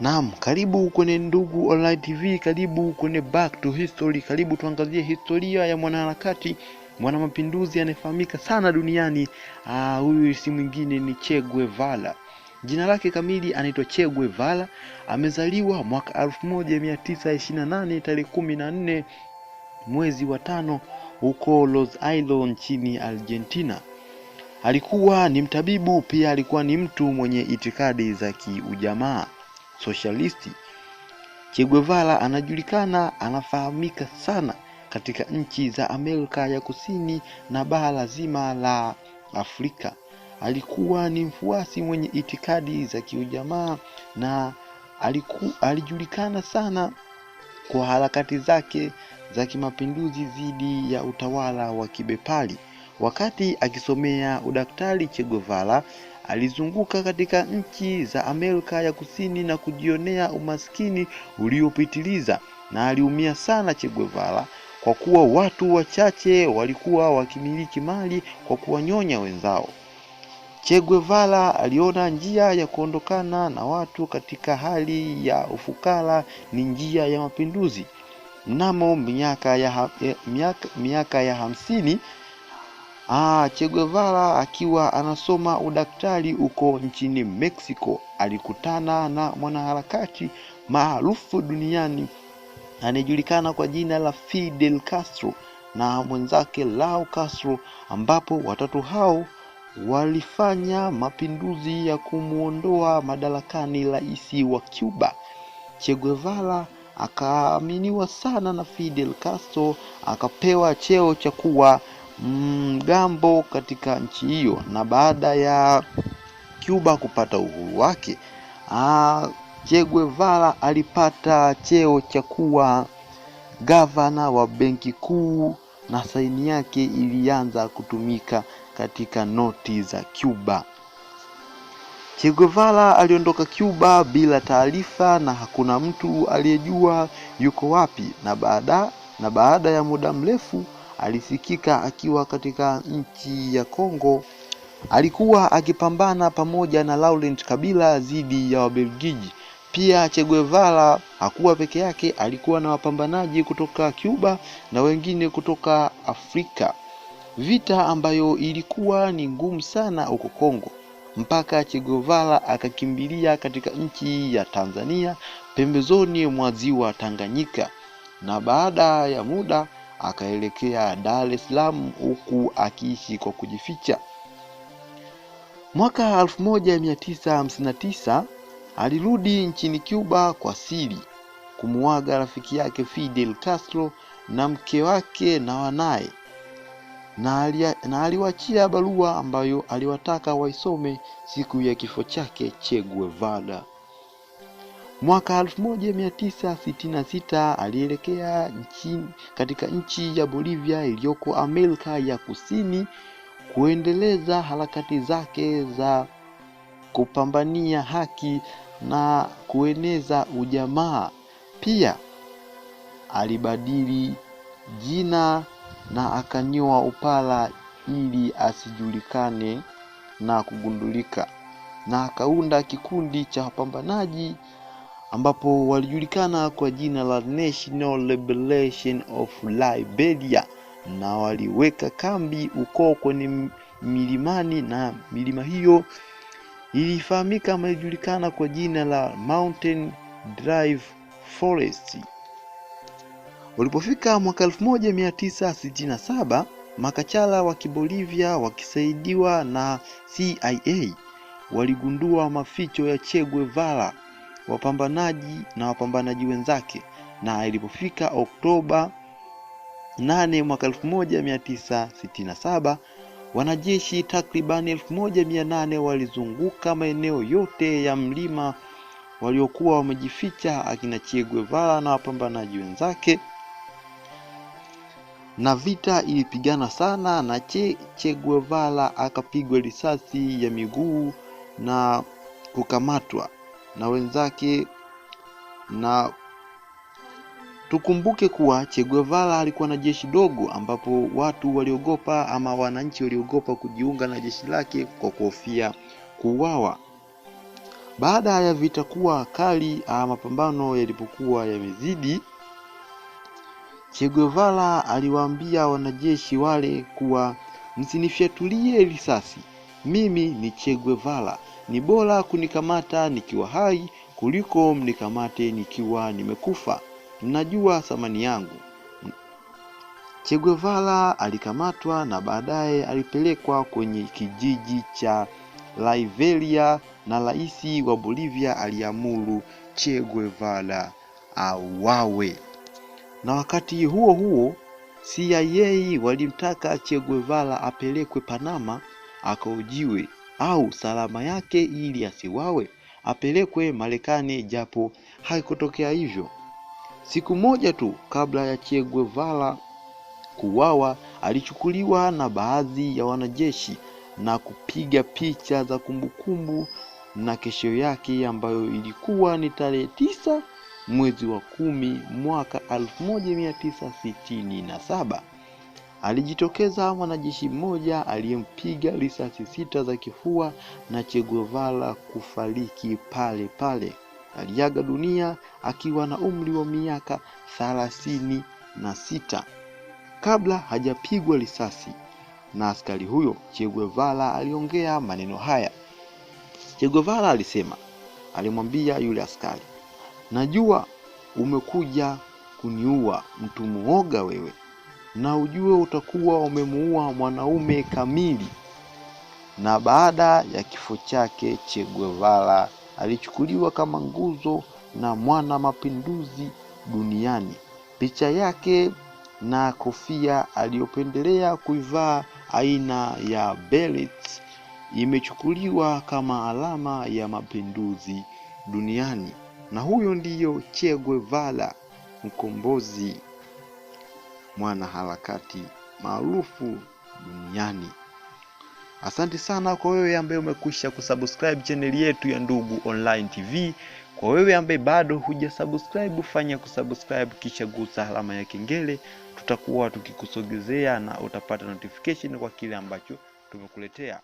Naam, karibu kwenye Ndugu Online TV, karibu kwenye Back to History, karibu tuangazie historia ya mwanaharakati mwanamapinduzi anayefahamika sana duniani. Ah, huyu si mwingine ni Che Guevara. Jina lake kamili anaitwa Che Guevara. Amezaliwa mwaka 1928 tarehe 14 mwezi wa tano huko Los Angeles nchini Argentina. Alikuwa ni mtabibu, pia alikuwa ni mtu mwenye itikadi za kiujamaa sosialisti. Che Guevara anajulikana, anafahamika sana katika nchi za Amerika ya Kusini na bara zima la Afrika. Alikuwa ni mfuasi mwenye itikadi za kiujamaa na aliku, alijulikana sana kwa harakati zake za kimapinduzi dhidi ya utawala wa kibepari. Wakati akisomea udaktari, Che Guevara Alizunguka katika nchi za Amerika ya Kusini na kujionea umaskini uliopitiliza, na aliumia sana Che Guevara kwa kuwa watu wachache walikuwa wakimiliki mali kwa kuwanyonya wenzao. Che Guevara aliona njia ya kuondokana na watu katika hali ya ufukara ni njia ya mapinduzi. Mnamo miaka ya, eh, miaka, miaka ya hamsini Ah, Che Guevara akiwa anasoma udaktari huko nchini Mexico alikutana na mwanaharakati maarufu duniani anayejulikana kwa jina la Fidel Castro na mwenzake lao Castro, ambapo watatu hao walifanya mapinduzi ya kumwondoa madarakani rais wa Cuba. Che Guevara akaaminiwa sana na Fidel Castro, akapewa cheo cha kuwa mgambo mm, katika nchi hiyo, na baada ya Cuba kupata uhuru wake ah, Che Guevara alipata cheo cha kuwa gavana wa benki kuu na saini yake ilianza kutumika katika noti za Cuba. Che Guevara aliondoka Cuba bila taarifa na hakuna mtu aliyejua yuko wapi, na baada na baada ya muda mrefu alisikika akiwa katika nchi ya Kongo. Alikuwa akipambana pamoja na Laurent Kabila dhidi ya Wabelgiji. Pia Che Guevara hakuwa peke yake, alikuwa na wapambanaji kutoka Cuba na wengine kutoka Afrika, vita ambayo ilikuwa ni ngumu sana huko Kongo mpaka Che Guevara akakimbilia katika nchi ya Tanzania pembezoni mwa ziwa Tanganyika, na baada ya muda akaelekea Dar es Salaam huku akiishi kwa kujificha. Mwaka 1959 alirudi nchini Cuba kwa siri kumuaga rafiki yake Fidel Castro na mke wake na wanaye, na aliwachia barua ambayo aliwataka waisome siku ya kifo chake Che Guevara. Mwaka 1966 alielekea nchini, katika nchi ya Bolivia iliyoko Amerika ya Kusini kuendeleza harakati zake za kupambania haki na kueneza ujamaa. Pia alibadili jina na akanyoa upala ili asijulikane na kugundulika, na akaunda kikundi cha wapambanaji ambapo walijulikana kwa jina la National Liberation of Liberia na waliweka kambi uko kwenye milimani na milima hiyo ilifahamika ama ilijulikana kwa jina la Mountain Drive Forest. Walipofika mwaka 1967 makachala wa Kibolivia wakisaidiwa na CIA waligundua maficho ya Che Guevara wapambanaji na wapambanaji wenzake, na ilipofika Oktoba 8 mwaka 1967 wanajeshi takribani 1800 walizunguka maeneo yote ya mlima waliokuwa wamejificha akina Che Guevara na wapambanaji wenzake, na vita ilipigana sana na Che, Che Guevara akapigwa risasi ya miguu na kukamatwa na wenzake na tukumbuke kuwa Che Guevara alikuwa na jeshi dogo ambapo watu waliogopa ama wananchi waliogopa kujiunga na jeshi lake kwa kuhofia kuuawa. Baada ya vita kuwa kali, mapambano yalipokuwa yamezidi, Che Guevara aliwaambia wanajeshi wale kuwa msinifyatulie risasi mimi ni Che ni bora kunikamata nikiwa hai kuliko mnikamate nikiwa nimekufa. Mnajua thamani yangu. Che alikamatwa na baadaye alipelekwa kwenye kijiji cha liveria na rais wa Bolivia aliamuru Che auawe. Na wakati huo huo CIA walimtaka Che apelekwe Panama akaojiwe au salama yake ili asiwawe apelekwe Marekani, japo haikutokea hivyo. Siku moja tu kabla ya Che Guevara kuwawa, alichukuliwa na baadhi ya wanajeshi na kupiga picha za kumbukumbu na kesho yake ambayo ilikuwa ni tarehe tisa mwezi wa kumi mwaka 1967 Alijitokeza mwanajeshi mmoja aliyempiga risasi sita za kifua na Che Guevara kufariki pale pale. Aliaga dunia akiwa na umri wa miaka thelathini na sita kabla hajapigwa risasi na askari huyo. Che Guevara aliongea maneno haya. Che Guevara alisema, alimwambia yule askari, najua umekuja kuniua mtu muoga wewe na ujue utakuwa umemuua mwanaume kamili. Na baada ya kifo chake, Che Guevara alichukuliwa kama nguzo na mwana mapinduzi duniani. Picha yake na kofia aliyopendelea kuivaa aina ya beret imechukuliwa kama alama ya mapinduzi duniani, na huyo ndiyo Che Guevara mkombozi mwanaharakati maarufu duniani. Asante sana kwa wewe ambaye umekwisha kusubscribe chaneli yetu ya Ndugu Online TV. Kwa wewe ambaye bado hujasubscribe, fanya kusubscribe kisha gusa alama ya kengele. Tutakuwa tukikusogezea na utapata notification kwa kile ambacho tumekuletea.